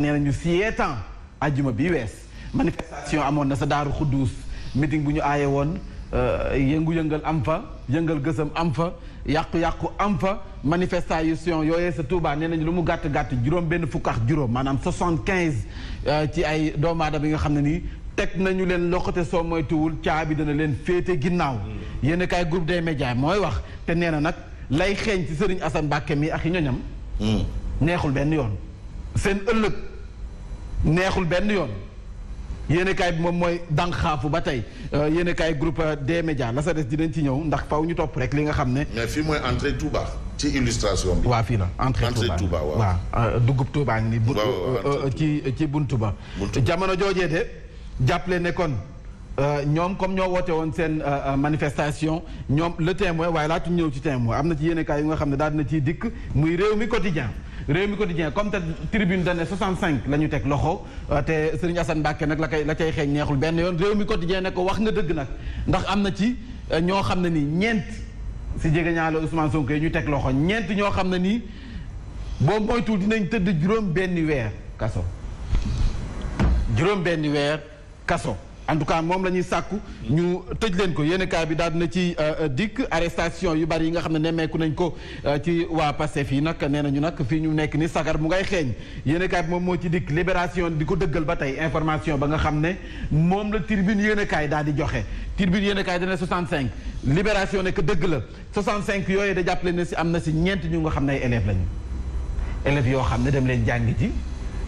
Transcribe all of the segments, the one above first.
nee nañu sietan ajjuma bi wees manifestation amoon na sa daaru xudduus meeting bu ñu aaye woon euh, yëngu-yëngal am fa yëngal gësam am fa yàqu-yàqu am fa manifestation yooyee sa Touba nee nañu lu mu gàtt gàtt juróom benn fukk ak juróom maanaam soixante-quinze euh, ci ay doomu aadama yi nga xam ne ni teg nañu leen loxote soo moytuwul caabi dana leen féete ginnaaw mm. yéen kaay groupe des médias mooy wax te nee na nag lay xeeñ ci Serigne Assane Mbacké mi ak i ñoñam mm. neexul benn yoon seen ëllëg neexul benn yoon yéenekaay bi moom mooy dànxaafu ba tey euh, yéenekaay groupe euh, des médias la sa des dinañ ci ñëw ndax faw ñu topp rek li nga xam ne. mais fii mooy entrée Touba ci illustration bi. fii la entrée Touba waaw euh, dugub Touba ngi nii. ci ci buntu ba. jamono joojee de jàppale ne kon. Euh, comme nous woté won sen euh, euh, manifestation ñom le témoin Nous tu ñew ci témoin amna ci yene kaay nga xamné daal dina ci dik muy réew quotidien réew quotidien comme ta tribune donné 65 lañu tek loxo té Serigne Assane Mbacke nak la kay la xéñ neexul ben yoon réew quotidien nak dëgg nak ndax amna ci ñoo xamné ni ñent ci si Ousmane Sonko ñu tek loxo ñent ñoo xamné ni bo dinañ teud juroom ben en tout cas moom la ñuy sàkku ñu tëj leen ko yéen kaay bi daal dina ci euh, euh, dikk arrestation yu bari yi nga xam ne nemmeeku nañ ko euh, ci waa Pastef fii nag nee nañu nag fii ñu nekk ni sagar bu ngay xeeñ yéen kaay bi moom moo ci dikk libération di ko dëggal ba tey information ba nga xam ne moom la tribune yéen kaay daal di joxe tribune yéen kaay dina 65 libération nekk dëgg la cinq yooyu da jàppale ne si am na si ñeent ñu nga xam ne ay lañu élèves yoo xam ne dem leen jàngi ji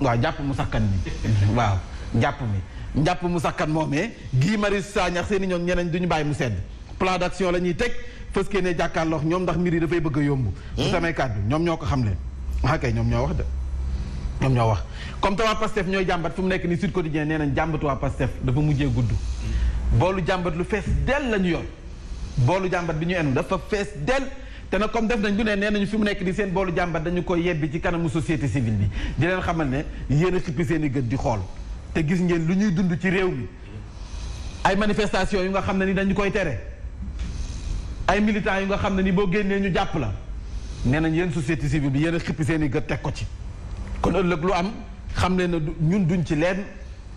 waaw jàpp mu sakkan bi waaw jàpp mi jàpp mu sakkan moomee Guy Marius Sagna seen i ñoom ñeneen duñu bàyyi mu sedd plan d'action la teg fës ne ne jàkkaarloo ñoom ndax mbir yi dafay bëgg a yomb bu hmm? samay bi ñoom ñoo ko xam leen ah kay ñoom ñoo wax de ñoom ñoo wax comme te waa Pastef ñooy jàmbat fu mu nekk ni Sud Quotidien nee nañ jàmbatu waa Pastef dafa mujjee gudd hmm. boolu jàmbat lu fees dell la yoon boolu jàmbat bi ñu enu dafa fees dell te nag comme def nañ du ne nee nañu fi mu nekk di seen boolu jàmbat dañu koy yebbi ci kanamu société civile bi di leen xamal ne yéen a xippi seen i gën di xool te gis ngeen lu ñuy dund ci réew mi ay manifestation yu nga xam ne ni dañu koy tere ay militants yu nga xam ne ni boo génnee ñu jàpp la nee nañ yéen société civile bi yéen a xippi seen i gën teg ko ci kon ëllëg lu am xam ne ne ñun duñ ci leen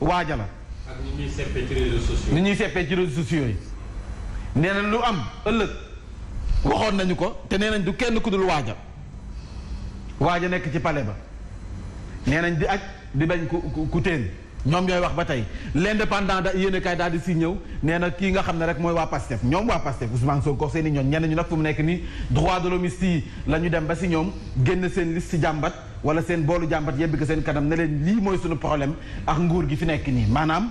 waaja la ak ni ñuy seppee ci réseaux sociaux yi nee na lu am waxoon nañu ko te nee nañ du kenn ku dul waaja waaja nekk ci palais ba nee nañ di ak di bañ ku ku teen ñoom ñooy wax ba tey l'indépendant da yéen kaay daal di si ñëw nee na kii nga xam ne rek mooy waa PASTEF ñoom waa PASTEF Ousmane Sonko seen i ñoom ñenn ñu nag fu nekk nii droit de l'hommiste yi la ñu dem ba si ñoom génn seen liste si jàmbat wala seen boolu jàmbat yebbi ko seen kanam ne leen lii mooy suñu problème ak nguur gi fi nekk nii maanaam.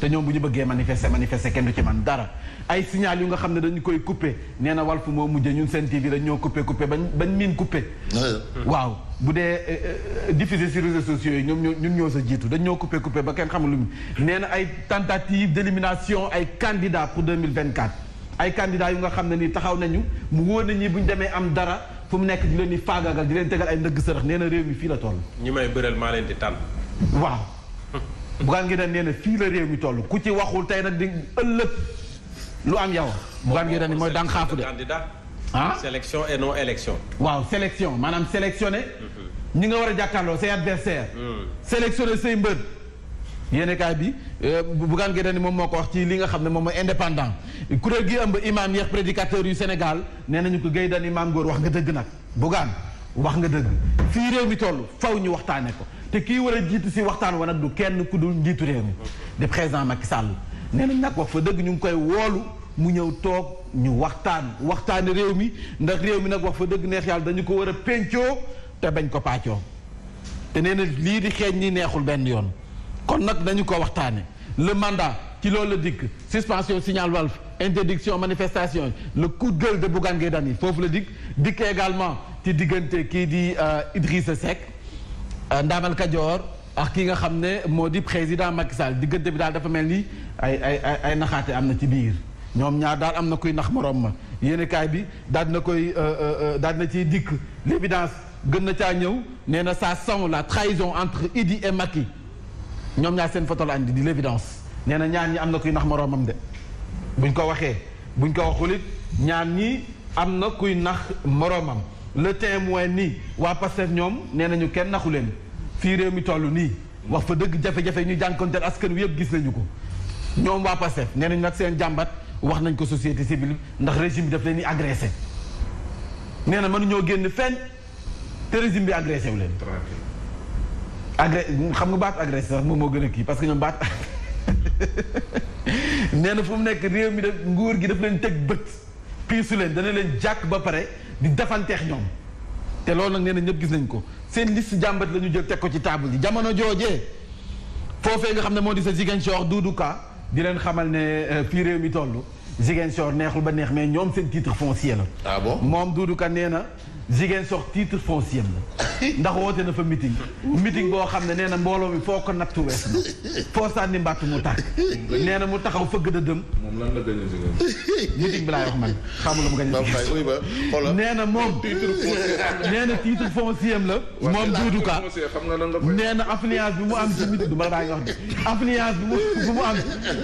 te ñoom bu ñu bëggee manifester manifester kenn du ci man dara ay signal yu nga xam ne dañu koy coupé nee na Walf moo mujjee ñun seen TV dañ ñoo coupé coupé bañ bañ miin coupé. waaw bu dee euh, euh, diffusé sur réseaux sociaux yi ñoom ñoo ñun ñoo sa jiitu dañ ñoo coupé coupé ba kenn xamul lu mu nee na ay tentative d'élimination ay candidats pour 2024 ay candidats yu nga xam ne nii taxaw nañu mu wóor na ñi bu ñu demee am dara fu mu nekk di leen di faagaagal di leen tegal ay ndëgg sërëx nee na réew mi fii la toll. ñu may bëral maa leen di tànn. waaw. Bougane Gueye Dany nee na fii la réew mi toll ku ci waxul tey nag di ëllëg lu am yow. Bougane Gueye ni mooy dànxaafu de. ah sélection et non waaw sélection maanaam sélectionné. Mhm. ñi nga war a jàkkaarloo say adversaire mhm. sélectionné say mbër. yéen bi bi euh, Bougane Gueye Dany moom moo ko wax ci li nga xam ne moom mooy indépendant kuréel gi ëmb imaam yeex prédicateur yu Sénégal nee nañu ko Gueye Dany maam góor wax nga dëgg nag Bougane wax nga dëgg fii réew mi toll faw ñu waxtaane ko. te ki wara a ci si waxtaan wa nag du kenn ku du njiitu réew de président Macky Sall nee nañ nag wax fa dëgg ñu koy wolu mu ñew tok ñu waxtaan waxtaane réew mi ndax réew mi nag wax fa deug neex yalla dañu ko wara a péncoo te bañ ko patio te nee li di xéñ ni neexul ben yoon kon nak dañu ko waxtaane le mandat ci loolu la dikk suspension signal Walf interdiction manifestation le coup de gueule de Bougane Gueye fofu foofu la dikk dikk également ci diggante ki di euh, Idrissa Seck Euh, Ndamal Kajoor ak ki nga xam ne moo di président Macky Sall diggante bi daal dafa mel ni ay ay ay naxaate am na ci biir ñoom ñaar daal am na kuy nax morom ma yéenekaay bi daal na koy euh, euh, daal na ciy dikk l'évidence gën na caa ñëw nee na ça sent la trahison entre Idi et Macky ñoom ñaar seen photo la andi di l'évidence nee na ñaar ñi am na kuy nax moroomam de buñ ko waxee buñ ko waxulit ñaan ñi am na kuy nax moroomam le témoin nii waa Pastef ñoom nee nañu kenn naxu leen fii réew mi toll nii wax fa dëgg jafe-jafe ñu jànkonteel askan wi yëpp gis nañu ko ñoom waa Pastef nee nañu nag seen jàmbat wax nañ ko société civile ndax régime bi daf leen di agressé nee na mënuñoo génn fenn te régime bi agressé wu leen. agré xam nga baat agressé sax moom moo gën a kii parce que ñoom baat nee na fu mu nekk réew mi daf nguur gi daf leen teg bët piisu leen dana leen jàkk ba pare. di defanteex ñoom te loolu nag nee na ñëpp gis nañ ko seen liste jàmbat la ñu jël teg ko ci table yi jamono joojee foofee nga xam ne moo di sa Ziguinchor Doudou Ka di leen xamal ne euh, fii réew mi toll Ziguinchor neexul ba neex mais ñoom seen titre foncier la. ah moom Doudou Ka nee na Ziguinchor titre foncier la. ndax woote na fa meeting meeting boo xam ne nee na mbooloo mi foo ko nattu wees na foo sànni mbàtt mu tàkk na mu taxaw fëgg da dëm moom lan la gañ si meeting bi laay wax man xamula mu gañ si nee na moom nee na titre foncier la moom Doudou Ka nee na affluence bi mu am ci meeting du ma daa ngi wax de affluence bi mu bu mu am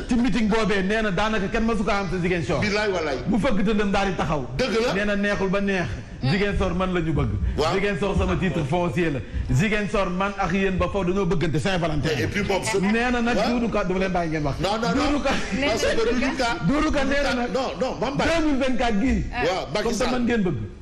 ci meeting boobee nee na daanaka kenn ma su ko am sa Ziguinchor bilaay walaay bu fëgg da dëm daal di taxaw dëgg la nee na neexul ba neex Ziguinchor man la ñu bëgg. waaw Ziguinchor sama titre foncier la. Ziguinchor man ak yéen ba foofu dañoo bëggante Saint-Valentin. et puis boobu sa nee na nag Doudou Ka dama leen bàyyi ngeen wax. non non non parce que Doudou Ka. Doudou Ka nee na nag. non non man bàyyi 2024 gii. waaw Macky Sall comme que man ngeen bëgg.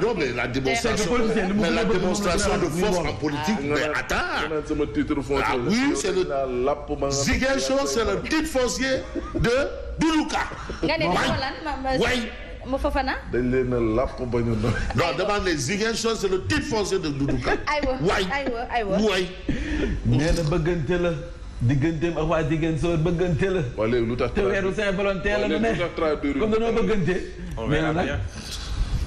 non, mais la démonstration, mais la démonstration de force en politique, mais attends. Ah oui, c'est le. Ziguinchor, c'est le petit foncier de Bilouka. Oui. Mo Fofana non dama ne Ziguinchor c'est le petit foncier de Doudouka. oui oui mais le nee na bëggante la. digganteem ak waa jigéen soor bëggante la. waa léegi lu tax te weeru Saint-Valentin comme dañoo bëggante. mais nag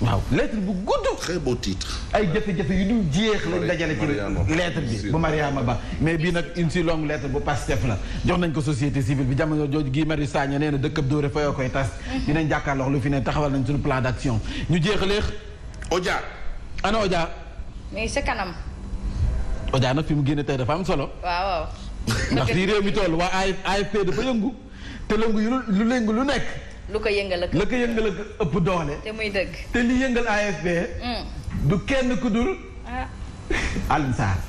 waaw lettre bu gudd. très beau titre. ay jafe-jafe yu dum diex lañ dajale ci lettre bi bu Mariama Ba mais bi nak une si longue lettre bu Pastef la jox nañ ko société civile bi jamono jooju gi mari Sagna nee na dëkkab dóore fa yoo koy tas mm. dinañ jàkkaarloo lu fi ne taxawal nañ sunu plan d' action ñu jeexaleex Odia ana Odia mais ce kanam Odia nag fi mu génne tay dafa am solo waaw ndax fii réew mi toll waa AFP dafa yëngu te lëngu lu lëngu lu nekk lu ko yëngal ak la ko yëngal ak doole. te muy dëgg. te li yëngal mm. du kenn ku dul. Ah. Alioune Sarr.